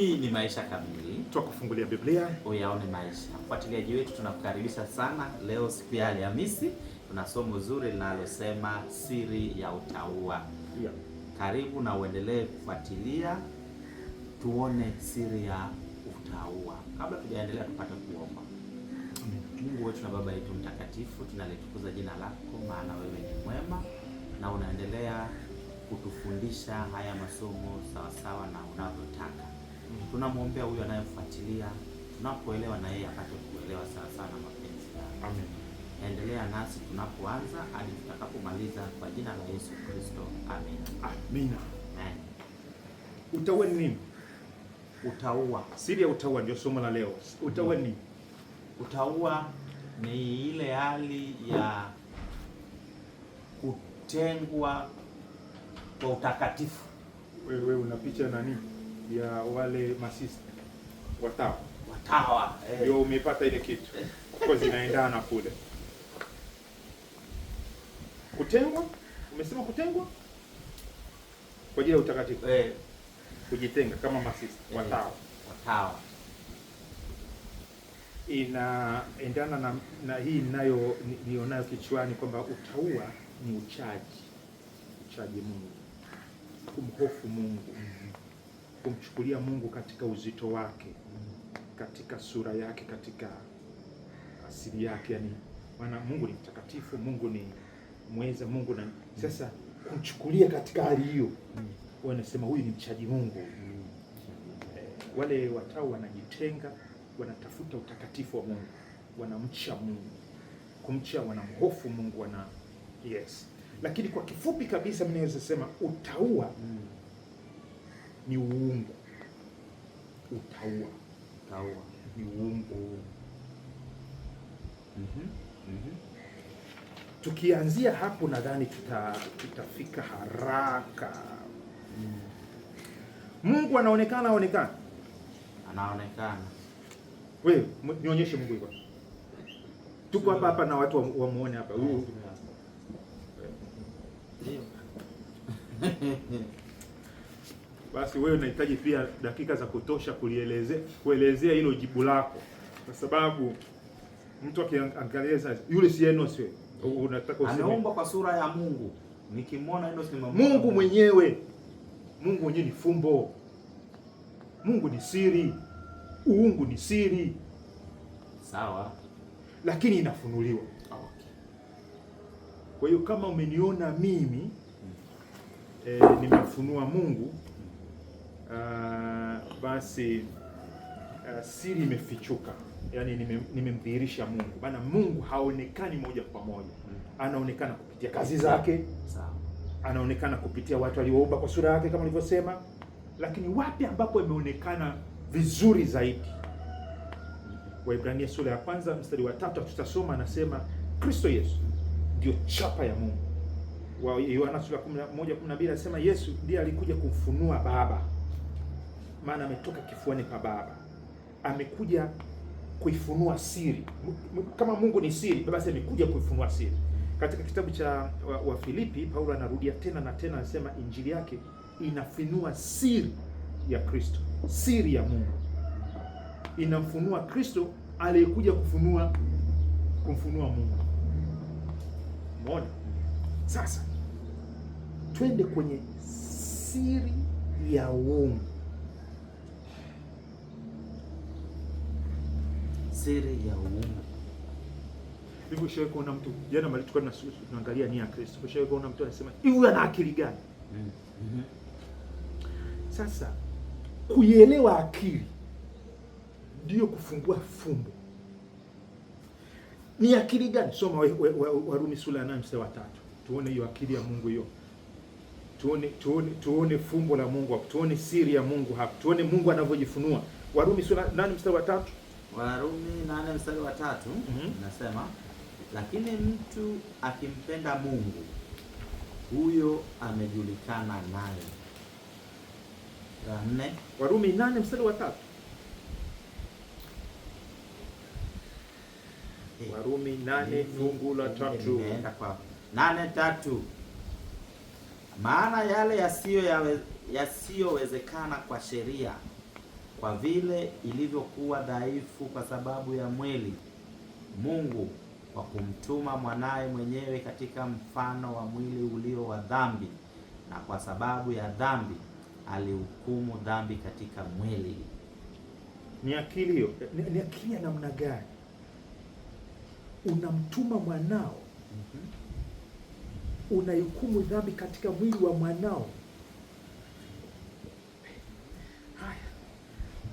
Hii ni Maisha Kamili, twakufungulia Biblia uyaone maisha. Mfuatiliaji wetu, tunakukaribisha sana. Leo siku ya Alhamisi, tuna somo zuri linalosema siri ya utaua yeah. Karibu na uendelee kufuatilia, tuone siri ya utaua Kabla tujaendelea, tupate kuomba. Mungu wetu na Baba yetu mtakatifu, tunalitukuza jina lako, maana wewe ni mwema na unaendelea kutufundisha haya masomo sawasawa na unavyotaka tunamwombea huyo anayefuatilia tunapoelewa na yeye apate kuelewa sana sana mapenzi yake. Amen. Endelea nasi tunapoanza hadi tutakapomaliza kwa jina la Yesu Kristo. Amen. Amina. Amen. Utaua ni nini? Utaua. Siri ya utaua ndio somo la leo. Utaua ni mm-hmm. nini? Utaua ni ile hali ya kutengwa kwa utakatifu. Wewe una picha na nini? ya wale masista watawa watawa, eh. ndio eh. Umepata ile kitu kwa zinaendana kule. Kutengwa, umesema kutengwa kwa ajili ya utakatifu eh. Kujitenga kama masista eh. Watawa, watawa inaendana na, na hii ninayo nionayo kichwani kwamba utaua ni uchaji, uchaji Mungu, kumhofu Mungu kumchukulia Mungu katika uzito wake, katika sura yake, katika asili yake. Yani maana Mungu ni mtakatifu, Mungu ni mweza, Mungu na sasa kumchukulia katika hali hiyo, wanasema huyu ni mchaji Mungu. Eh, wale watao wanajitenga, wanatafuta utakatifu wa Mungu, wanamcha Mungu, kumcha, wanamhofu Mungu, wana yes. Lakini kwa kifupi kabisa, naweza sema utaua mm ni uungu, utaua utaua, ni uungu. mm -hmm. mm -hmm. Tukianzia hapo nadhani tuta, tutafika haraka. mm. Mungu anaonekana aonekana anaonekana, wewe nionyeshe Mungu iko tuko hapa hapa na watu wamuone hapa huyu basi wewe unahitaji pia dakika za kutosha kulielezea kuelezea hilo jibu lako, kwa sababu mtu akiangalia sasa, yule si Enos, unataka useme anaomba kwa sura ya Mungu. Nikimwona Enos ni Mungu mwenyewe. Mungu mwenyewe ni fumbo. Mungu ni siri, uungu ni siri, sawa, lakini inafunuliwa. Okay. Kwa hiyo kama umeniona mimi E, nimefunua Mungu uh, basi uh, siri imefichuka, yani nimemdhihirisha nime Mungu. Maana Mungu haonekani moja kwa moja, anaonekana kupitia kazi zake, anaonekana kupitia watu alioumba kwa sura yake kama nilivyosema, lakini wapi ambapo imeonekana vizuri zaidi? Waibrania sura ya kwanza mstari wa tatu tutasoma, anasema Kristo Yesu ndio chapa ya Mungu. Wa Yohana sura ya 11:12 anasema Yesu ndiye alikuja kumfunua Baba maana ametoka kifuani pa Baba, amekuja kuifunua siri. Kama Mungu ni siri, basi amekuja kuifunua siri. Katika kitabu cha Wafilipi wa Paulo anarudia tena na tena, anasema injili yake inafunua siri ya Kristo, siri ya Mungu inamfunua Kristo aliyekuja kufunua kumfunua Mungu. Umeona? Sasa twende kwenye siri ya uungu. siri ya uungu. Hivi ushawahi kuona mtu jana yaani mali tulikuwa tunaangalia nia ya Kristo. Ushawahi kuona mtu anasema hivi huyu ana akili gani? Mm -hmm. Sasa kuielewa akili ndio kufungua fumbo. Ni akili gani? Soma Warumi sura ya 8 mstari wa 3. Tuone hiyo akili ya Mungu hiyo. Tuone tuone tuone fumbo la Mungu hapo. Tuone siri ya Mungu hapo. Tuone Mungu anavyojifunua. Warumi sura 8 mstari wa 3. Warumi nane mstari wa tatu mm nasema lakini mtu akimpenda Mungu huyo amejulikana naye. La nne, Warumi nane mstari wa tatu. Hey, eh, Warumi nane fungu la tatu. Nimeenda kwa nane tatu. Maana yale yasiyowezekana yasiyo kwa sheria kwa vile ilivyokuwa dhaifu kwa sababu ya mwili, Mungu kwa kumtuma mwanaye mwenyewe katika mfano wa mwili ulio wa dhambi, na kwa sababu ya dhambi alihukumu dhambi katika mwili. Ni akili hiyo, ni akili ya namna gani? Unamtuma mwanao, mm -hmm. Unahukumu dhambi katika mwili wa mwanao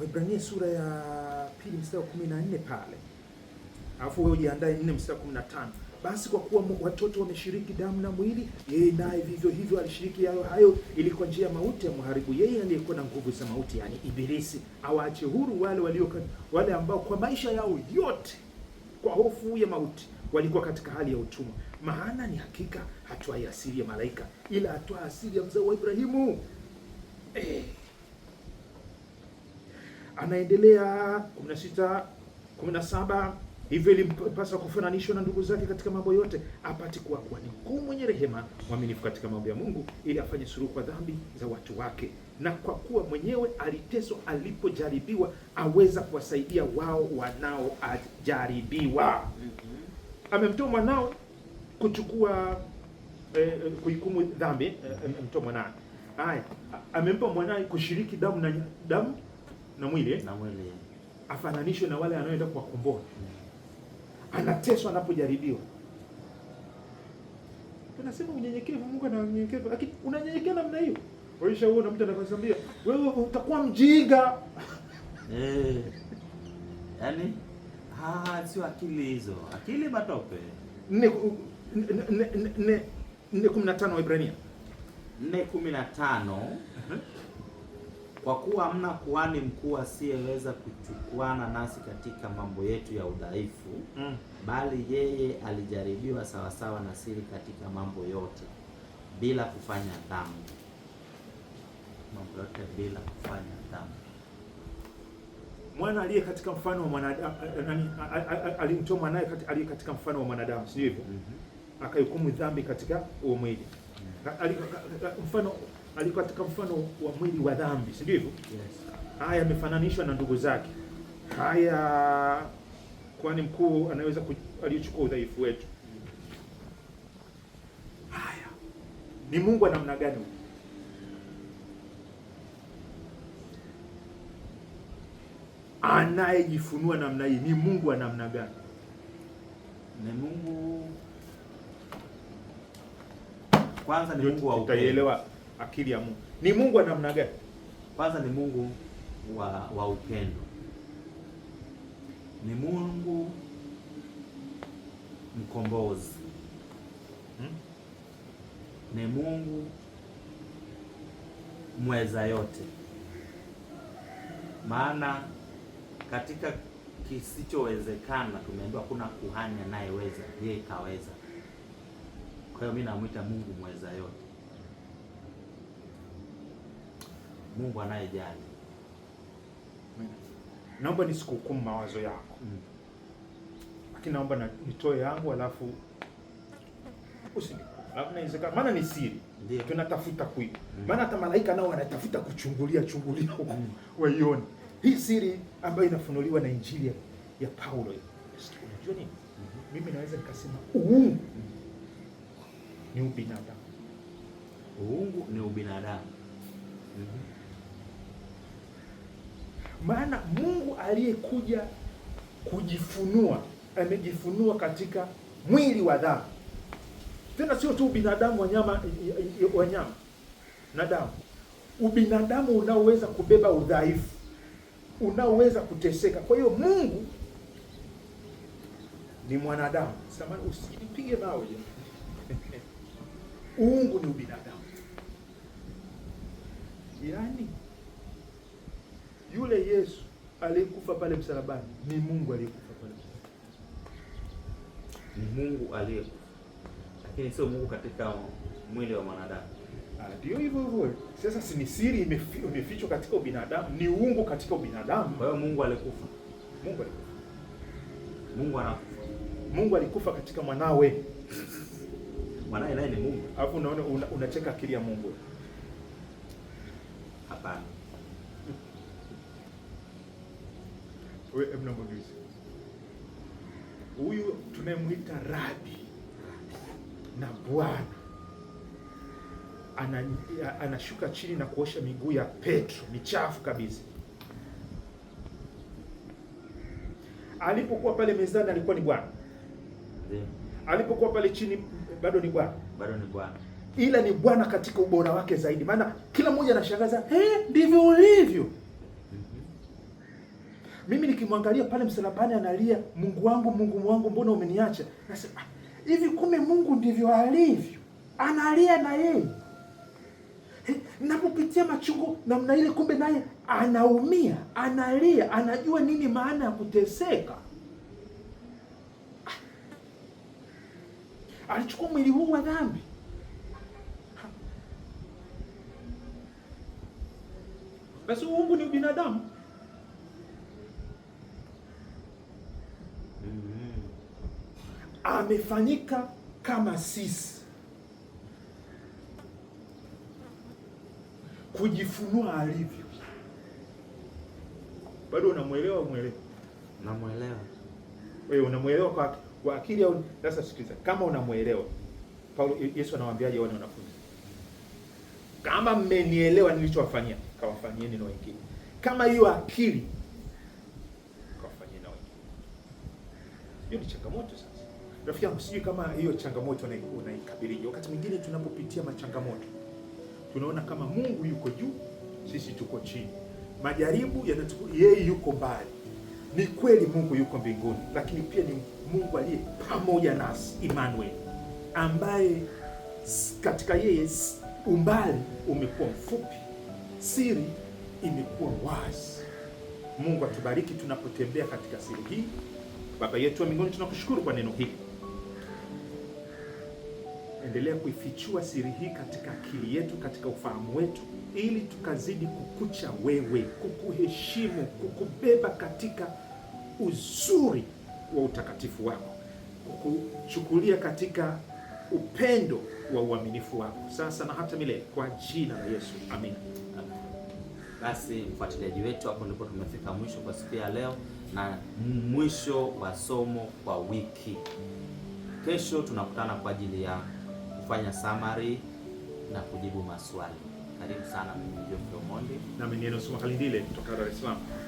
Waibrania sura ya pili mstari wa 14 pale, alafu wewe ujiandae nne mstari wa 15. Basi kwa kuwa watoto wameshiriki damu na mwili, yeye naye vivyo hivyo alishiriki hayo hayo, ili kwa njia ya mauti amharibu yeye aliyekuwa na nguvu za mauti, yani Ibilisi, awaache huru wale walio wale ambao kwa maisha yao yote kwa hofu ya mauti walikuwa katika hali ya utumwa. Maana ni hakika hatwai asili ya malaika, ila hatwaa asili ya mzao wa Ibrahimu. Eh anaendelea 16 17 hivyo ilimpasa kufananishwa na ndugu zake katika mambo yote, apate kuwa kuwa ni mkuu mwenye rehema, mwaminifu katika mambo ya Mungu, ili afanye suluhu kwa dhambi za watu wake. Na kwa kuwa mwenyewe aliteswa alipojaribiwa, aweza kuwasaidia wao wanaojaribiwa. Mm-hmm. Amemtoa mwanao kuchukua eh, eh kuhukumu dhambi, eh, eh, amemtoa eh, Haya, amempa mwanaye kushiriki damu na damu na mwili eh? na mwili afananishwe na wale anaoenda kuwakomboa. Anateswa anapojaribiwa. Tunasema unyenyekevu, Mungu ana unyenyekevu, lakini unanyenyekea namna hiyo. Waisha huo na mtu anakwambia, wewe utakuwa mjinga. Eh. Yaani ah, sio akili hizo. Akili matope. Nne nne nne kumi na tano Waebrania. Nne kumi na tano. Uh-huh. Kwa kuwa hamna kuhani mkuu asiyeweza kuchukuana nasi katika mambo yetu ya udhaifu mm, bali yeye alijaribiwa sawasawa na siri katika mambo yote bila kufanya dhambi. Mambo yote bila kufanya dhambi. Mwana aliye katika mfano wa mwanadamu alimtoa mwanaye aliye katika mfano wa mwanadamu, sio hivyo? mm -hmm. Akahukumu dhambi katika uo mwili mm. Mfano alikuwa katika mfano wa mwili wa dhambi, si ndivyo? hivyo? Yes. Haya amefananishwa na ndugu zake. Haya kwani mkuu anaweza alichukua udhaifu wetu. Haya ni Mungu wa namna gani? Anayejifunua namna hii ni Mungu wa namna gani? Ni Mungu kwanza, ni Mungu wa upendo akili ya Mungu. Ni Mungu wa namna gani? Kwanza ni Mungu wa, wa upendo. Ni Mungu mkombozi hmm? Ni Mungu mweza yote, maana katika kisichowezekana tumeambiwa kuna kuhani anayeweza, yeye kaweza. Kwa hiyo mimi namwita Mungu mweza yote. Mungu anayejali. Naomba nisikuhukumu mawazo yako mm. Lakini naomba nitoe yangu, alafu inawezekana, maana ni siri, tunatafuta kui mm. Maana hata malaika nao wanatafuta kuchungulia chungulia huko mm. waione hii siri ambayo inafunuliwa na injili ya, ya Paulo. Unajua nini? mm -hmm. Mimi naweza nikasema uungu mm ni ubinadamu. Uungu ni ubinadamu mm -hmm. Maana Mungu aliyekuja kujifunua amejifunua katika mwili wa damu, tena sio tu binadamu, wanyama, wanyama na damu, ubinadamu unaoweza kubeba udhaifu, unaoweza kuteseka. Kwa hiyo Mungu ni mwanadamu. samani, usipige mawe. Uungu ni ubinadamu, yani yule Yesu aliyekufa pale msalabani ni Mungu aliyekufa pale msalabani, ni Mungu aliyekufa, lakini sio Mungu katika mwili wa mwanadamu. Ah, ndio hivyo hivyo. Sasa si ni siri imefichwa katika ubinadamu, ni uungu katika ubinadamu. Kwa hiyo Mungu alikufa, Mungu alikufa, Mungu anakufa, Mungu alikufa katika mwanawe mwanawe naye ni Mungu. Alafu unaona unacheka una akili ya Mungu? Hapana. Wewe hebu namwagilize huyu tunayemwita rabi na Bwana anashuka chini na kuosha miguu ya Petro michafu kabisa. Alipokuwa pale mezani alikuwa ni Bwana, alipokuwa pale chini bado ni Bwana, bado ni Bwana, ila ni Bwana katika ubora wake zaidi, maana kila mmoja anashangaza, hey, eh, ndivyo ulivyo. Mimi nikimwangalia pale msalabani analia, Mungu wangu, Mungu wangu, mbona umeniacha? Nasema ah, hivi, kumbe Mungu ndivyo alivyo, analia na yeye. Napopitia machungu namna ile, kumbe naye anaumia, analia, anajua nini maana ya kuteseka. Ah, alichukua mwili huu wa dhambi ah. basi. uungu ni binadamu amefanyika kama sisi, kujifunua alivyo. Bado unamwelewa? Mwelewa, Namwelewa. Wewe unamwelewa kwa, kwa akili au? Sasa sikiliza, kama unamwelewa Paulo, Yesu anawaambiaje wale wanafunzi? Kama mmenielewa nilichowafanyia, kawafanyieni na wengine. Kama hiyo akili, kawafanyieni na wengine. Hiyo ni changamoto sana. Rafiki yangu, sijui kama hiyo changamoto unaikabirije. Wakati mwingine tunapopitia machangamoto tunaona kama Mungu yuko juu, sisi tuko chini, majaribu yanatuku, yeye yuko mbali. Ni kweli Mungu yuko mbinguni, lakini pia ni Mungu aliye pamoja nasi, Emmanuel, ambaye katika yeye umbali umekuwa mfupi, siri imekuwa wazi. Mungu atubariki tunapotembea katika siri hii. Baba yetu wa mbinguni, tunakushukuru kwa neno hili endelea kuifichua siri hii katika akili yetu, katika ufahamu wetu, ili tukazidi kukucha wewe, kukuheshimu, kukubeba katika uzuri wa utakatifu wako, kukuchukulia katika upendo wa uaminifu wako, sasa na hata milele, kwa jina la Yesu, amin Basi mfuatiliaji wetu, hapo ndipo tumefika mwisho kwa siku ya leo na mwisho wa somo kwa wiki. Kesho tunakutana kwa ajili ya kufanya summary na kujibu maswali. Karibu sana mimi Geoffrey Omondi. Nami ni Enos Makalindile kutoka Dar es Salaam.